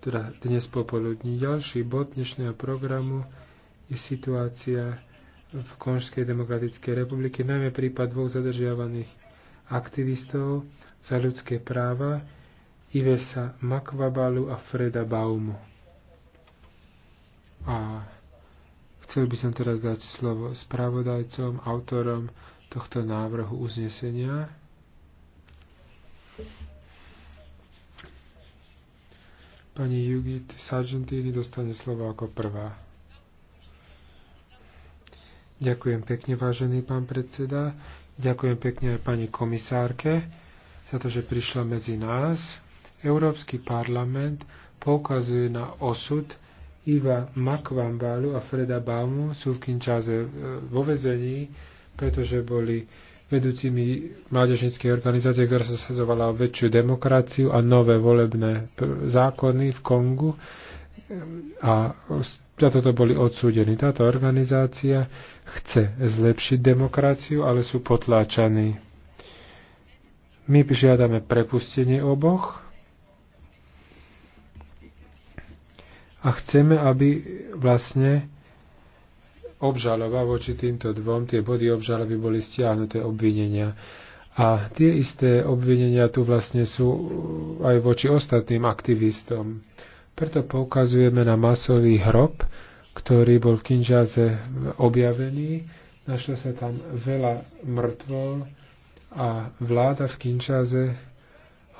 teda dnes popoludní. Ďalší bod dnešného programu je situácia v Konžskej demokratickej republike, najmä prípad dvoch zadržiavaných aktivistov za ľudské práva Ivesa Makvabalu a Freda Baumu. A chcel by som teraz dať slovo spravodajcom, autorom tohto návrhu uznesenia. Pani Judith Sargentini dostane slovo ako prvá. Ďakujem pekne, vážený pán predseda. Ďakujem pekne aj pani komisárke za to, že prišla medzi nás. Európsky parlament poukazuje na osud Iva Makvambalu a Freda Baumu sú v Kinčáze e, vo vezení, pretože boli vedúcimi mládežníckej organizácie, ktorá sa sazovala o väčšiu demokraciu a nové volebné zákony v Kongu. A za toto boli odsúdení. Táto organizácia chce zlepšiť demokraciu, ale sú potláčaní. My žiadame prepustenie oboch a chceme, aby vlastne obžaloba voči týmto dvom, tie body obžaloby boli stiahnuté obvinenia. A tie isté obvinenia tu vlastne sú uh, aj voči ostatným aktivistom. Preto poukazujeme na masový hrob, ktorý bol v Kinžáze objavený. Našlo sa tam veľa mŕtvol a vláda v Kinčáze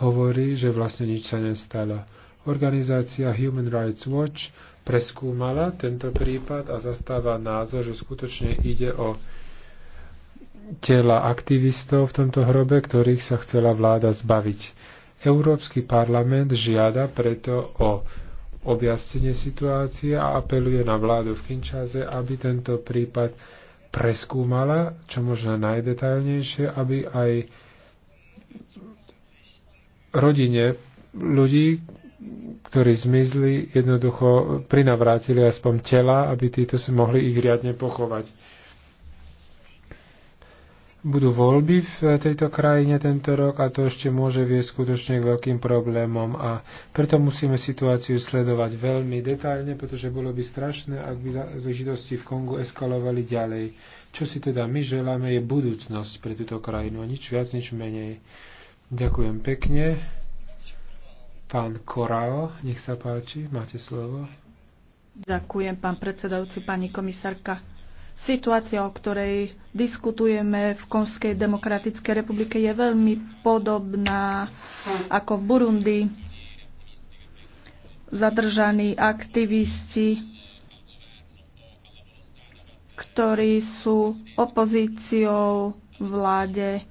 hovorí, že vlastne nič sa nestalo. Organizácia Human Rights Watch preskúmala tento prípad a zastáva názor, že skutočne ide o tela aktivistov v tomto hrobe, ktorých sa chcela vláda zbaviť. Európsky parlament žiada preto o objasnenie situácie a apeluje na vládu v Kinčáze, aby tento prípad preskúmala, čo možno najdetajlnejšie, aby aj rodine ľudí, ktorí zmizli, jednoducho prinavrátili aspoň tela, aby títo si mohli ich riadne pochovať. Budú voľby v tejto krajine tento rok a to ešte môže viesť skutočne k veľkým problémom a preto musíme situáciu sledovať veľmi detailne, pretože bolo by strašné, ak by záležitosti v Kongu eskalovali ďalej. Čo si teda my želáme je budúcnosť pre túto krajinu a nič viac, nič menej. Ďakujem pekne. Pán Korao, nech sa páči, máte slovo. Ďakujem, pán predsedajúci, pani komisárka. Situácia, o ktorej diskutujeme v Konskej demokratickej republike, je veľmi podobná ako v Burundi. Zadržaní aktivisti, ktorí sú opozíciou vláde,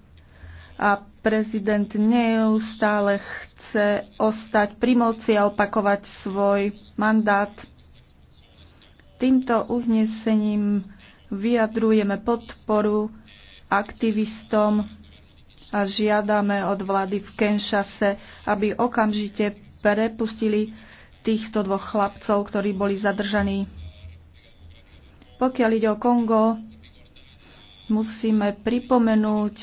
a prezident neustále chce ostať pri moci a opakovať svoj mandát. Týmto uznesením vyjadrujeme podporu aktivistom a žiadame od vlády v Kenšase, aby okamžite prepustili týchto dvoch chlapcov, ktorí boli zadržaní. Pokiaľ ide o Kongo, musíme pripomenúť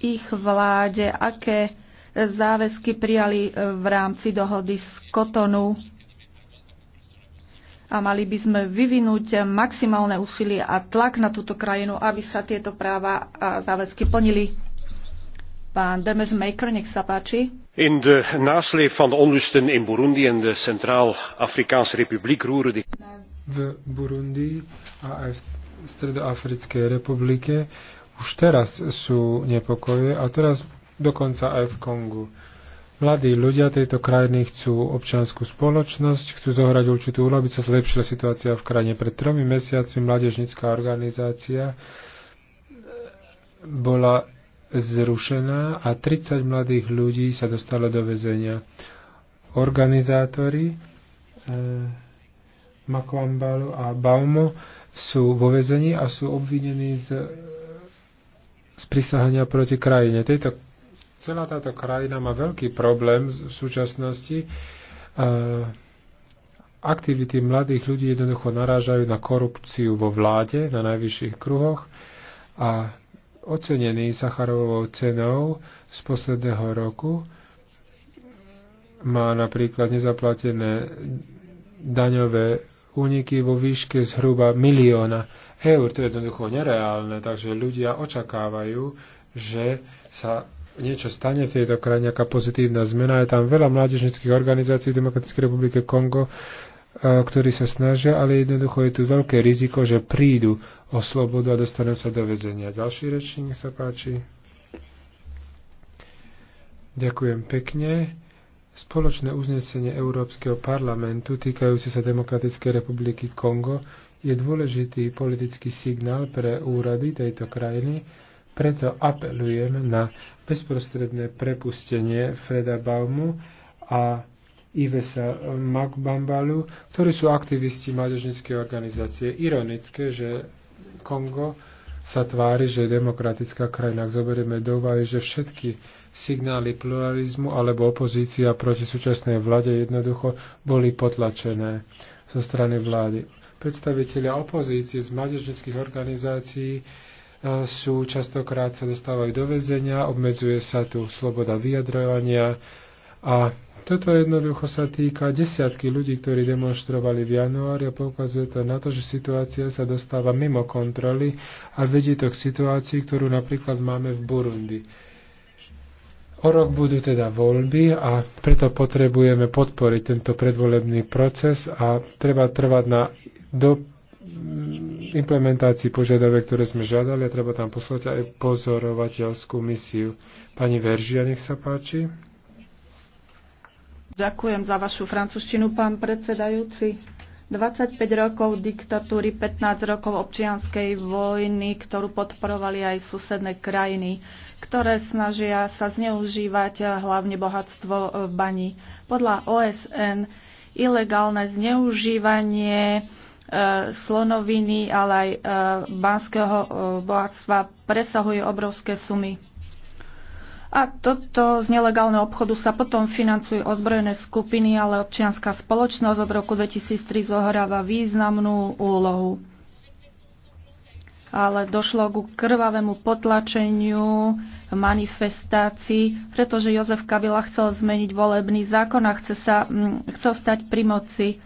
ich vláde, aké záväzky prijali e, v rámci dohody z Kotonu a mali by sme vyvinúť maximálne úsilie a tlak na túto krajinu, aby sa tieto práva a záväzky plnili. Pán Demes Maker, nech sa páči. In de nasleep van de onlusten in Burundi en de Centraal-Afrikaanse Republiek roeren die... V Burundi a aj v Stredoafrickej republike už teraz sú nepokoje a teraz dokonca aj v Kongu. Mladí ľudia tejto krajiny chcú občianskú spoločnosť, chcú zohrať určitú úlohu, aby sa zlepšila situácia v krajine. Pred tromi mesiacmi mládežnická organizácia bola zrušená a 30 mladých ľudí sa dostalo do väzenia. Organizátori eh, Makwambalu a Baumo sú vo väzení a sú obvinení z sprisahania proti krajine. Tejto, celá táto krajina má veľký problém v súčasnosti. Aktivity mladých ľudí jednoducho narážajú na korupciu vo vláde, na najvyšších kruhoch a ocenený Sacharovou cenou z posledného roku má napríklad nezaplatené daňové úniky vo výške zhruba milióna eur. To je jednoducho nereálne, takže ľudia očakávajú, že sa niečo stane v tejto krajine, nejaká pozitívna zmena. Je tam veľa mládežnických organizácií v Demokratickej republike Kongo, e, ktorí sa snažia, ale jednoducho je tu veľké riziko, že prídu o slobodu a dostanú sa do väzenia. Ďalší rečník sa páči. Ďakujem pekne. Spoločné uznesenie Európskeho parlamentu týkajúce sa Demokratickej republiky Kongo je dôležitý politický signál pre úrady tejto krajiny, preto apelujem na bezprostredné prepustenie Freda Baumu a Ivesa Makbambalu, ktorí sú aktivisti mládežnickej organizácie. Ironické, že Kongo sa tvári, že je demokratická krajina. Ak zoberieme do úvahy, že všetky signály pluralizmu alebo opozícia proti súčasnej vláde jednoducho boli potlačené zo strany vlády. Predstavitelia opozície z mládežnických organizácií e, sú častokrát sa dostávajú do väzenia, obmedzuje sa tu sloboda vyjadrovania a toto jednoducho sa týka desiatky ľudí, ktorí demonstrovali v januári a poukazuje to na to, že situácia sa dostáva mimo kontroly a vedie to k situácii, ktorú napríklad máme v Burundi. O rok budú teda voľby a preto potrebujeme podporiť tento predvolebný proces a treba trvať na do mm, implementácii požiadavek, ktoré sme žiadali a treba tam poslať aj pozorovateľskú misiu. Pani Veržia, nech sa páči. Ďakujem za vašu francúzštinu, pán predsedajúci. 25 rokov diktatúry, 15 rokov občianskej vojny, ktorú podporovali aj susedné krajiny, ktoré snažia sa zneužívať hlavne bohatstvo v e, baní. Podľa OSN ilegálne zneužívanie e, slonoviny, ale aj e, banského bohatstva presahuje obrovské sumy. A toto z nelegálneho obchodu sa potom financujú ozbrojené skupiny, ale občianská spoločnosť od roku 2003 zohráva významnú úlohu. Ale došlo ku krvavému potlačeniu manifestácií, pretože Jozef Kabila chcel zmeniť volebný zákon a chce sa, mm, chcel stať pri moci. E,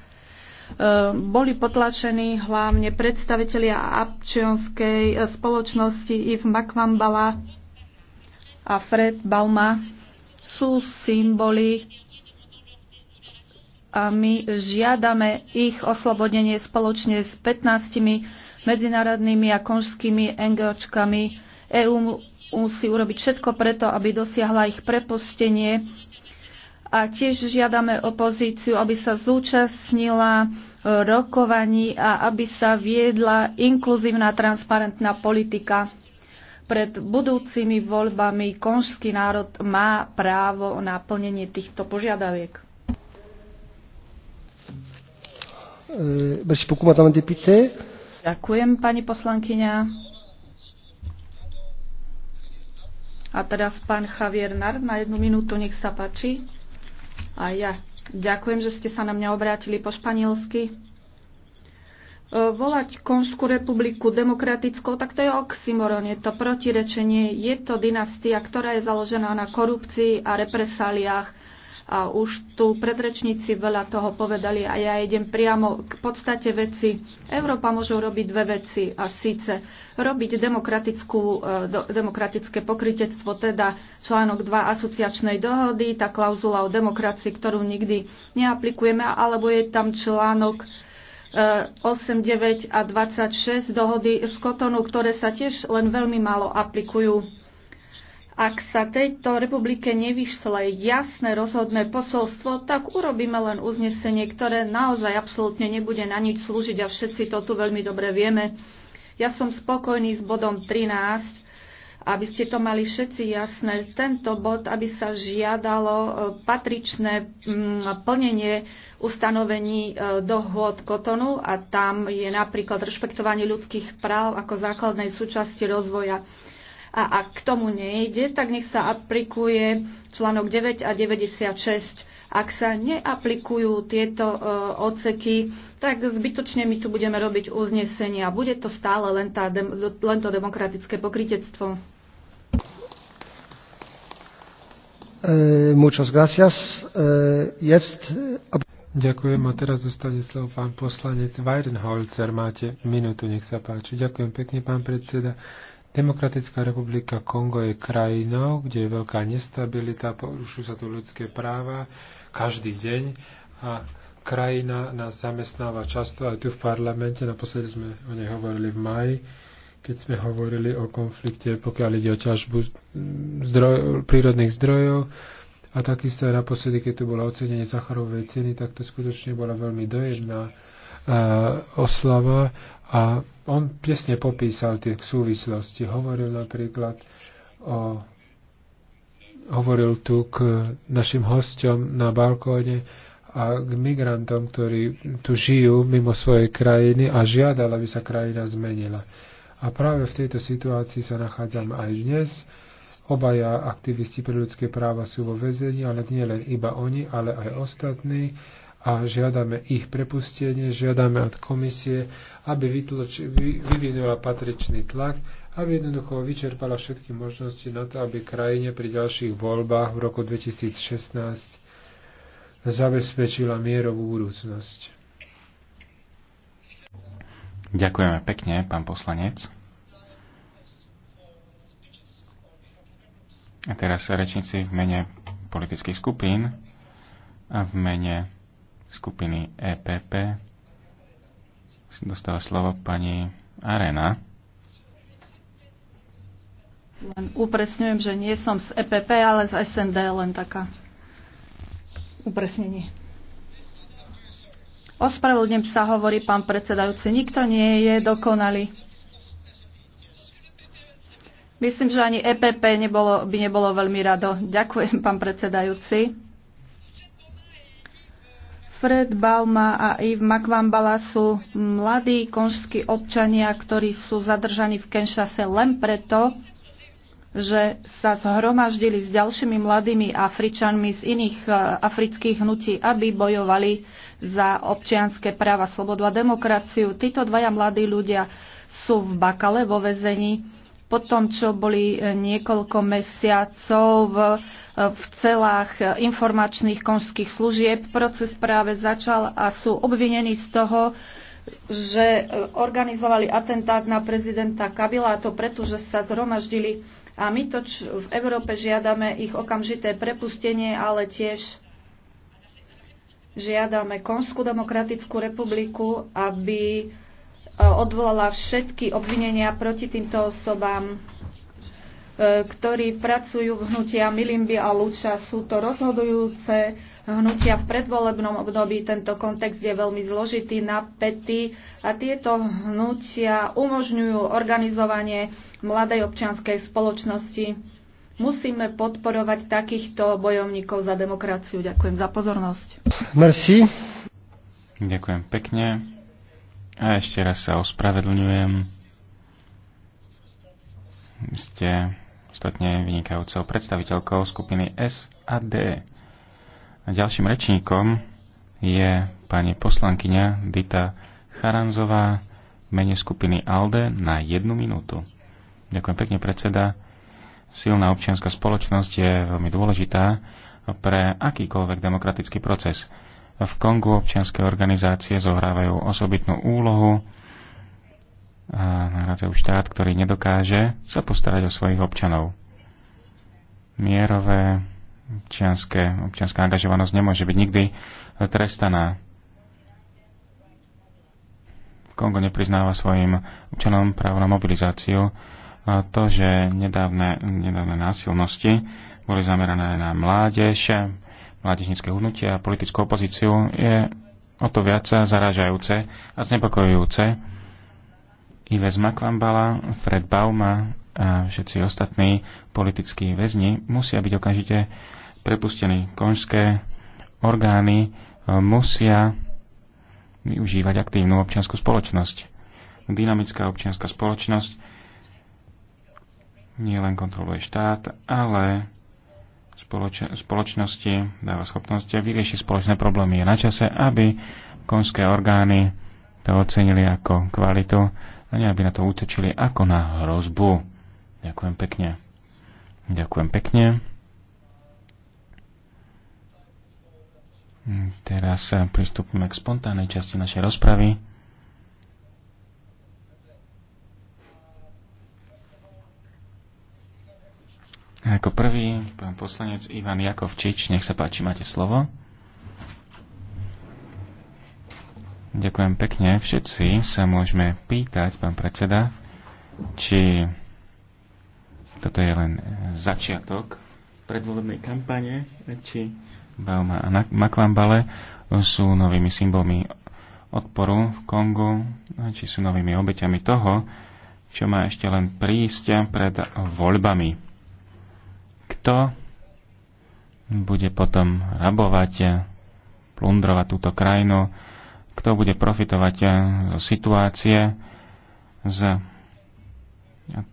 boli potlačení hlavne predstavitelia občianskej e, spoločnosti v Makvambala, a Fred Bauma sú symboly a my žiadame ich oslobodenie spoločne s 15 medzinárodnými a konžskými NGOčkami. EÚ musí urobiť všetko preto, aby dosiahla ich prepustenie a tiež žiadame opozíciu, aby sa zúčastnila e, rokovaní a aby sa viedla inkluzívna transparentná politika pred budúcimi voľbami konžský národ má právo na plnenie týchto požiadaviek. Eh, ďakujem, pani poslankyňa. A teraz pán Javier Nard na jednu minútu, nech sa páči. A ja ďakujem, že ste sa na mňa obrátili po španielsky. E, volať Konžskú republiku demokratickou, tak to je oxymoron, je to protirečenie, je to dynastia, ktorá je založená na korupcii a represáliách. A už tu predrečníci veľa toho povedali a ja idem priamo k podstate veci. Európa môže urobiť dve veci a síce robiť demokratickú, e, demokratické pokrytectvo, teda článok 2 asociačnej dohody, tá klauzula o demokracii, ktorú nikdy neaplikujeme, alebo je tam článok 8, 9 a 26 dohody z Kotonu, ktoré sa tiež len veľmi málo aplikujú. Ak sa tejto republike nevyšle jasné rozhodné posolstvo, tak urobíme len uznesenie, ktoré naozaj absolútne nebude na nič slúžiť a všetci to tu veľmi dobre vieme. Ja som spokojný s bodom 13, aby ste to mali všetci jasné, tento bod, aby sa žiadalo e, patričné mm, plnenie ustanovení e, dohôd Kotonu a tam je napríklad rešpektovanie ľudských práv ako základnej súčasti rozvoja. A ak k tomu nejde, tak nech sa aplikuje článok 9 a 96. Ak sa neaplikujú tieto e, odseky, tak zbytočne my tu budeme robiť uznesenia. Bude to stále len, tá, len to demokratické pokritectvo. Eh, eh, Ďakujem a teraz dostane slovo pán poslanec Weidenholzer. Máte minútu, nech sa páči. Ďakujem pekne, pán predseda. Demokratická republika Kongo je krajinou, kde je veľká nestabilita, porušujú sa tu ľudské práva každý deň a krajina nás zamestnáva často aj tu v parlamente, naposledy sme o nej hovorili v maji keď sme hovorili o konflikte, pokiaľ ide o ťažbu zdroj, prírodných zdrojov. A takisto aj naposledy, keď tu bolo ocenenie Sacharovej ceny, tak to skutočne bola veľmi dojemná e, oslava a on presne popísal tie súvislosti. Hovoril napríklad o hovoril tu k našim hostom na balkóne a k migrantom, ktorí tu žijú mimo svojej krajiny a žiadala, aby sa krajina zmenila. A práve v tejto situácii sa nachádzame aj dnes. Obaja aktivisti pre ľudské práva sú vo väzení, ale nie len iba oni, ale aj ostatní. A žiadame ich prepustenie, žiadame od komisie, aby vyvinula patričný tlak, aby jednoducho vyčerpala všetky možnosti na to, aby krajine pri ďalších voľbách v roku 2016 zabezpečila mierovú budúcnosť. Ďakujeme pekne, pán poslanec. A teraz rečníci v mene politických skupín a v mene skupiny EPP dostala slovo pani Arena. Len upresňujem, že nie som z EPP, ale z SND, len taká upresnenie. Ospravedlňujem sa, hovorí pán predsedajúci. Nikto nie je dokonalý. Myslím, že ani EPP nebolo, by nebolo veľmi rado. Ďakujem, pán predsedajúci. Fred Bauma a Yves Makvambala sú mladí konžskí občania, ktorí sú zadržaní v Kenšase len preto, že sa zhromaždili s ďalšími mladými Afričanmi z iných e, afrických hnutí, aby bojovali za občianské práva, slobodu a demokraciu. Títo dvaja mladí ľudia sú v Bakale vo vezení po tom, čo boli e, niekoľko mesiacov v, e, v celách informačných konských služieb. Proces práve začal a sú obvinení z toho, že organizovali atentát na prezidenta Kabila a to preto, že sa zhromaždili a my to v Európe žiadame ich okamžité prepustenie, ale tiež žiadame Konskú demokratickú republiku, aby e, odvolala všetky obvinenia proti týmto osobám, e, ktorí pracujú v hnutia Milimby a Luča. Sú to rozhodujúce hnutia v predvolebnom období. Tento kontext je veľmi zložitý, napätý a tieto hnutia umožňujú organizovanie mladej občianskej spoločnosti. Musíme podporovať takýchto bojovníkov za demokraciu. Ďakujem za pozornosť. Merci. Ďakujem pekne. A ešte raz sa ospravedlňujem. Ste ostatne vynikajúcou predstaviteľkou skupiny S a D. A ďalším rečníkom je pani poslankyňa Dita Charanzová mene skupiny ALDE na jednu minútu. Ďakujem pekne, predseda. Silná občianská spoločnosť je veľmi dôležitá pre akýkoľvek demokratický proces. V Kongu občianské organizácie zohrávajú osobitnú úlohu a nahradzajú štát, ktorý nedokáže sa postarať o svojich občanov. Mierové občianské, občianská angažovanosť nemôže byť nikdy eh, trestaná. Kongo nepriznáva svojim občanom právo na mobilizáciu. A to, že nedávne, nedávne násilnosti boli zamerané na mládež, mládežnické hnutie a politickú opozíciu, je o to viac zaražajúce a znepokojujúce. Ives Makvambala, Fred Bauma a všetci ostatní politickí väzni musia byť okamžite prepustení. Konžské orgány e, musia využívať aktívnu občianskú spoločnosť. Dynamická občianská spoločnosť nielen kontroluje štát, ale spoloč- spoločnosti dáva schopnosť vyriešiť spoločné problémy. Je na čase, aby konské orgány to ocenili ako kvalitu a nie aby na to útočili ako na hrozbu. Ďakujem pekne. Ďakujem pekne. Mm, teraz eh, pristúpime k spontánnej časti našej rozpravy. A ako prvý, pán poslanec Ivan Jakovčič, nech sa páči, máte slovo. Ďakujem pekne. Všetci sa môžeme pýtať, pán predseda, či toto je len e, začiatok predvolebnej kampane, či Bauma a Makvambale sú novými symbolmi odporu v Kongu, či sú novými obeťami toho, čo má ešte len prísť pred voľbami. Kto bude potom rabovať, plundrovať túto krajinu, kto bude profitovať zo situácie, z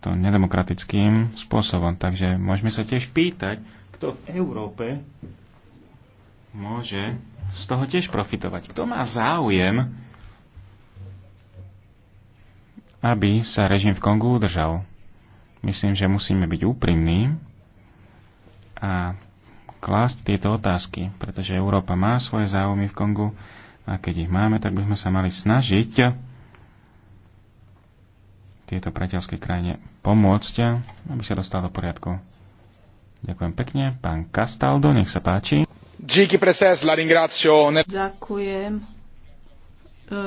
to nedemokratickým spôsobom. Takže môžeme sa tiež pýtať, kto v Európe môže z toho tiež profitovať. Kto má záujem, aby sa režim v Kongu udržal. Myslím, že musíme byť úprimní a klásť tieto otázky, pretože Európa má svoje záujmy v Kongu a keď ich máme, tak by sme sa mali snažiť tieto priateľskej krajine pomôcť, aby sa dostal do poriadku. Ďakujem pekne. Pán Castaldo, nech sa páči. Ďakujem,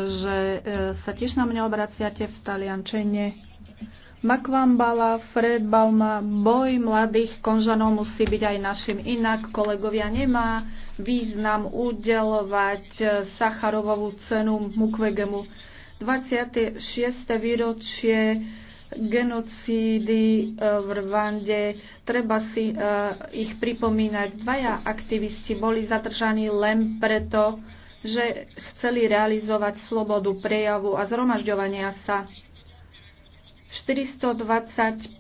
že e, sa tiež na mňa obraciate v Taliančene. Makvambala, Fred Balma, boj mladých konžanov musí byť aj našim. Inak, kolegovia, nemá význam udelovať e, Sacharovovú cenu Mukwegemu 26. výročie genocídy e, v Rwande. Treba si e, ich pripomínať. Dvaja aktivisti boli zadržaní len preto, že chceli realizovať slobodu prejavu a zhromažďovania sa. 425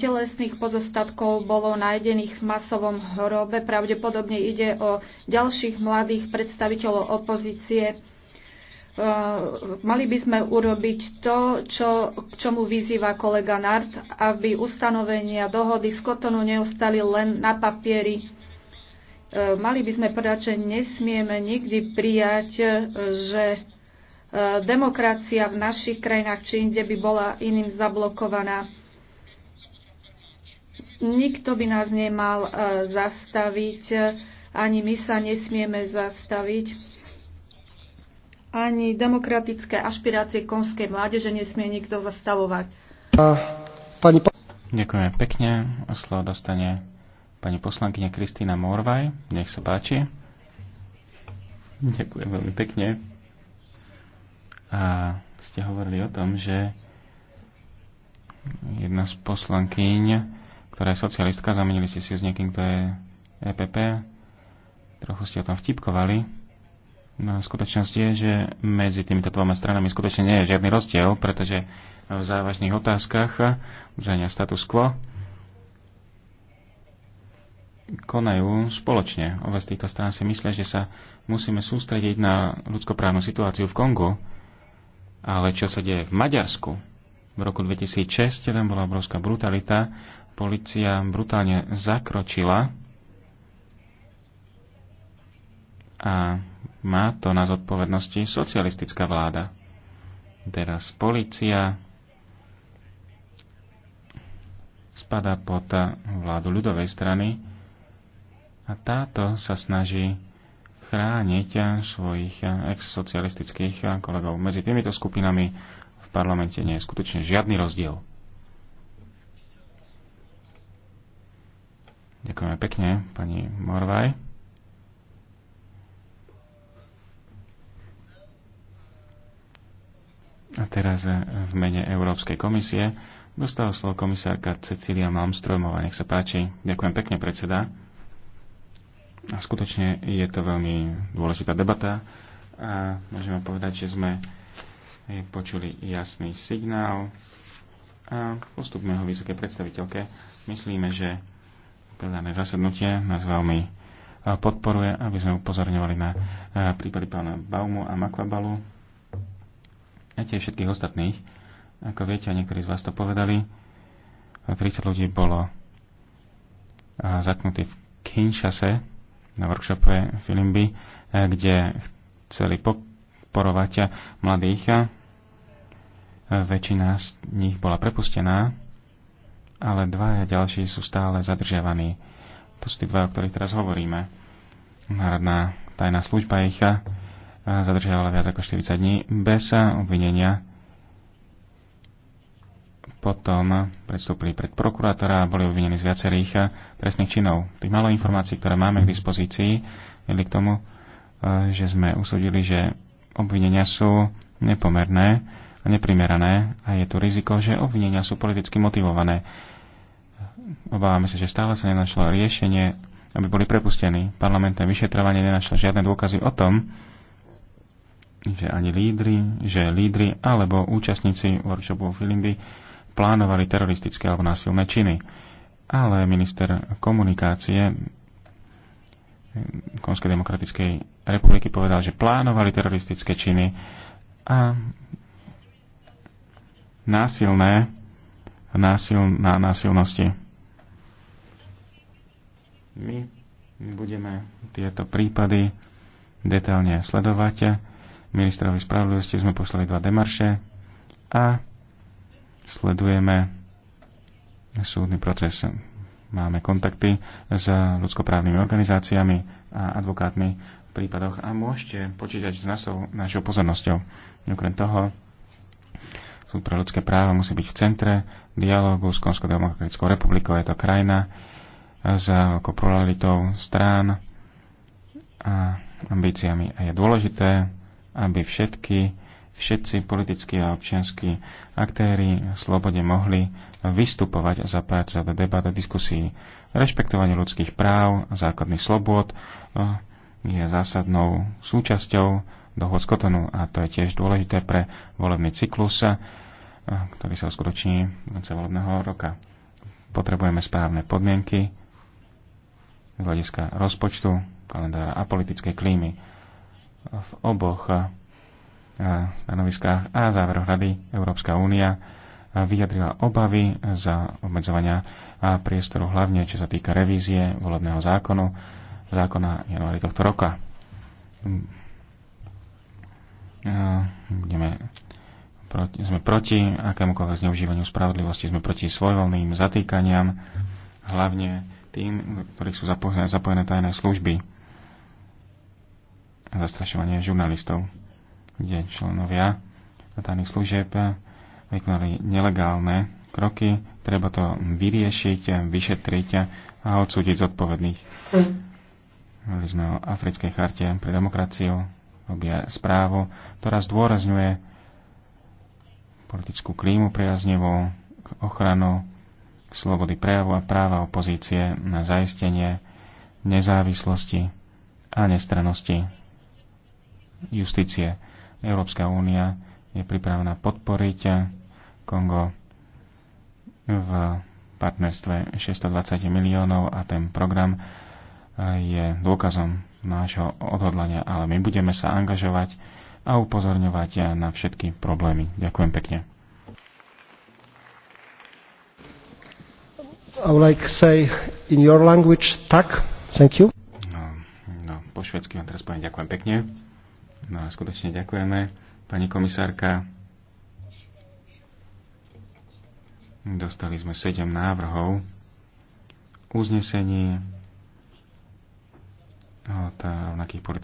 telesných pozostatkov bolo nájdených v masovom hrobe. Pravdepodobne ide o ďalších mladých predstaviteľov opozície Eh, mali by sme urobiť to, čo, k čomu vyzýva kolega Nart, aby ustanovenia dohody z Kotonu neostali len na papieri. Eh, mali by sme povedať, že nesmieme nikdy prijať, eh, že demokracia v našich krajinách či inde by bola iným zablokovaná. Nikto by nás nemal zastaviť, ani my sa nesmieme zastaviť ani demokratické ašpirácie konskej mládeže nesmie nikto zastavovať. Pani... Ďakujem pekne. Slovo dostane pani poslankyňa Kristýna Morvaj. Nech sa páči. Ďakujem veľmi pekne. A ste hovorili o tom, že jedna z poslankyň, ktorá je socialistka, zamenili ste si ju s niekým, kto je EPP. Trochu ste o tom vtipkovali. No, skutočnosť je, že medzi týmito dvoma stranami skutočne nie je žiadny rozdiel, pretože v závažných otázkach udržania status quo konajú spoločne. Obe z týchto strán si myslia, že sa musíme sústrediť na ľudskoprávnu situáciu v Kongu, ale čo sa deje v Maďarsku? V roku 2006 tam bola obrovská brutalita, policia brutálne zakročila a má to na zodpovednosti socialistická vláda. Teraz policia spada pod vládu ľudovej strany a táto sa snaží chrániť svojich ex-socialistických kolegov. Medzi týmito skupinami v parlamente nie je skutočne žiadny rozdiel. Ďakujeme pekne, pani Morvaj. A teraz eh, v mene Európskej komisie dostal slovo komisárka Cecília Malmströmová. Nech sa páči. Ďakujem pekne, predseda. A skutočne je to veľmi dôležitá debata a môžeme povedať, že sme eh, počuli jasný signál a postupme ho vysoké predstaviteľke. Myslíme, že plenárne zasadnutie nás veľmi eh, podporuje, aby sme upozorňovali na prípady pána Baumu a Makvabalu a tiež všetkých ostatných. Ako viete, a niektorí z vás to povedali, 30 ľudí bolo zatknutí v Kinshase na workshope Filimby, kde chceli podporovať mladých. Väčšina z nich bola prepustená, ale a ďalší sú stále zadržiavaní. To sú tí dva, o ktorých teraz hovoríme. Národná tajná služba ich zadržiavala viac ako 40 dní bez obvinenia. Potom predstúpili pred prokurátora a boli obvinení z viacerých eh, trestných činov. Tých malo informácií, ktoré máme k dispozícii, vedli k tomu, eh, že sme usúdili, že obvinenia sú nepomerné a neprimerané a je tu riziko, že obvinenia sú politicky motivované. Obávame sa, že stále sa nenašlo riešenie, aby boli prepustení. Parlamentné vyšetrovanie nenašlo žiadne dôkazy o tom, že ani lídry, že lídry alebo účastníci workshopu Filimby plánovali teroristické alebo násilné činy. Ale minister komunikácie Konskej demokratickej republiky povedal, že plánovali teroristické činy a násilné násil, na násilnosti. My budeme tieto prípady detailne sledovať ministrovi spravodlivosti sme poslali dva demarše a sledujeme súdny proces. Máme kontakty s ľudskoprávnymi organizáciami a advokátmi v prípadoch a môžete počítať s našou, našou pozornosťou. Okrem toho, Súd pre ľudské práva musí byť v centre dialógu s Konsko-Demokratickou republikou. Je to krajina s pluralitou strán a ambíciami. A je dôležité, aby všetky, všetci politickí a občianskí aktéry slobode mohli vystupovať za práce, do debat a diskusí. Rešpektovanie ľudských práv a základných slobôd eh, je zásadnou súčasťou dohod z Kotonu a to je tiež dôležité pre volebný cyklus, eh, ktorý sa uskutoční konce volebného roka. Potrebujeme správne podmienky z hľadiska rozpočtu, kalendára a politickej klímy v oboch eh, stanoviskách a záveroch Rady Európska únia eh, vyjadrila obavy za obmedzovania eh, priestoru, hlavne čo sa týka revízie volebného zákonu, zákona januári tohto roka. Mm. Budeme, proti, sme proti akémukoľvek zneužívaniu spravodlivosti, sme proti svojvoľným zatýkaniam, hlavne tým, ktorých sú zapojené, zapojené tajné služby a zastrašovanie žurnalistov, kde členovia tajných služieb vykonali nelegálne kroky. Treba to vyriešiť, vyšetriť a odsúdiť zodpovedných. Mali sme o Africkej charte pre demokraciu, obie správu, ktorá zdôrazňuje politickú klímu priaznivú, ochranu slobody prejavu a práva opozície na zaistenie nezávislosti a nestrannosti justície. Európska únia je pripravená podporiť Kongo v partnerstve 620 miliónov a ten program je dôkazom nášho odhodlania, ale my budeme sa angažovať a upozorňovať na všetky problémy. Ďakujem pekne. I would like say in your language tak. Thank you. No, no po švedsky vám teraz poviem ďakujem pekne. No a skutočne ďakujeme, pani komisárka. Dostali sme 7 návrhov uznesení od rovnakých politických